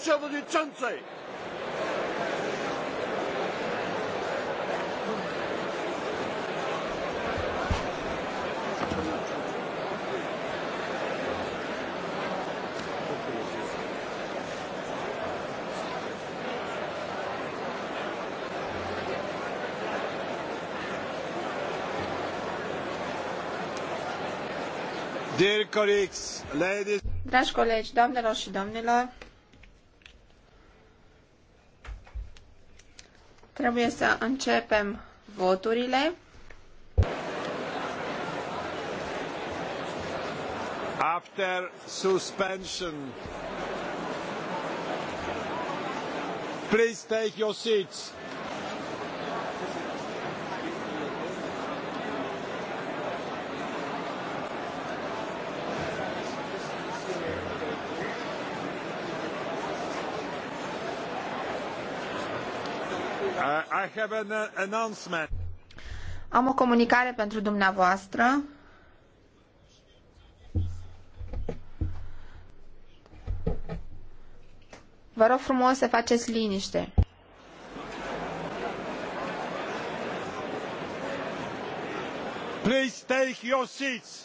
przewodniczącej! Dragi colegi, doamnelor și domnilor, Trebuie să începem voturile. After suspension. Please take your seats. Uh, Am o comunicare pentru dumneavoastră. Vă rog frumos să faceți liniște. Please take your seats.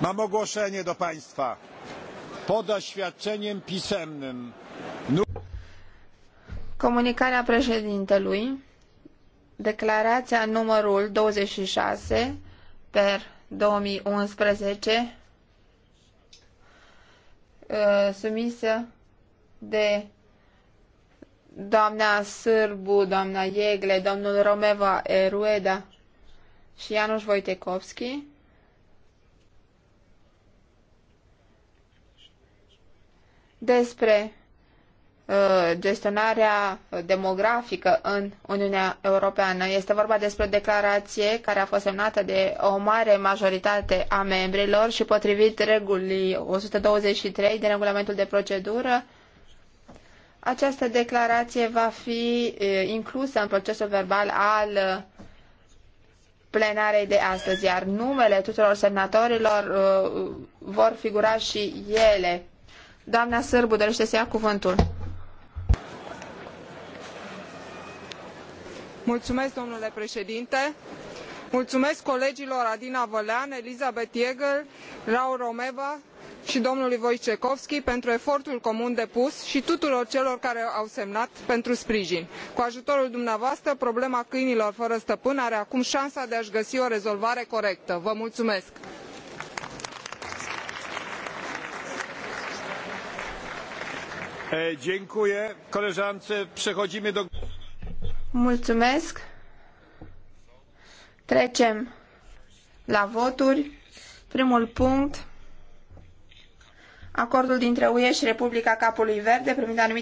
Mam ogłoszenie do Państwa. Pod oświadczeniem pisemnym. Comunicarea președintelui, declarația numărul 26 per 2011, uh, sumisă de doamna Sârbu, doamna Iegle, domnul Romeva Erueda și Ianuș Voitecovski, despre uh, gestionarea demografică în Uniunea Europeană. Este vorba despre o declarație care a fost semnată de o mare majoritate a membrilor și potrivit regulii 123 din regulamentul de procedură, această declarație va fi uh, inclusă în procesul verbal al uh, plenarei de astăzi, iar numele tuturor semnatorilor vor figura și ele Doamna Sârbu dorește să ia cuvântul. Mulțumesc, domnule președinte. Mulțumesc colegilor Adina Vălean, Elizabeth Jäger, Raul Romeva și domnului Wojciechowski pentru efortul comun depus și tuturor celor care au semnat pentru sprijin. Cu ajutorul dumneavoastră, problema câinilor fără stăpân are acum șansa de a-și găsi o rezolvare corectă. Vă mulțumesc! Dziękuję. Koleżance, przechodzimy do... Mulțumesc. Trecem la voturi. Primul punct. Acordul dintre UE și Republica Capului Verde privind anumite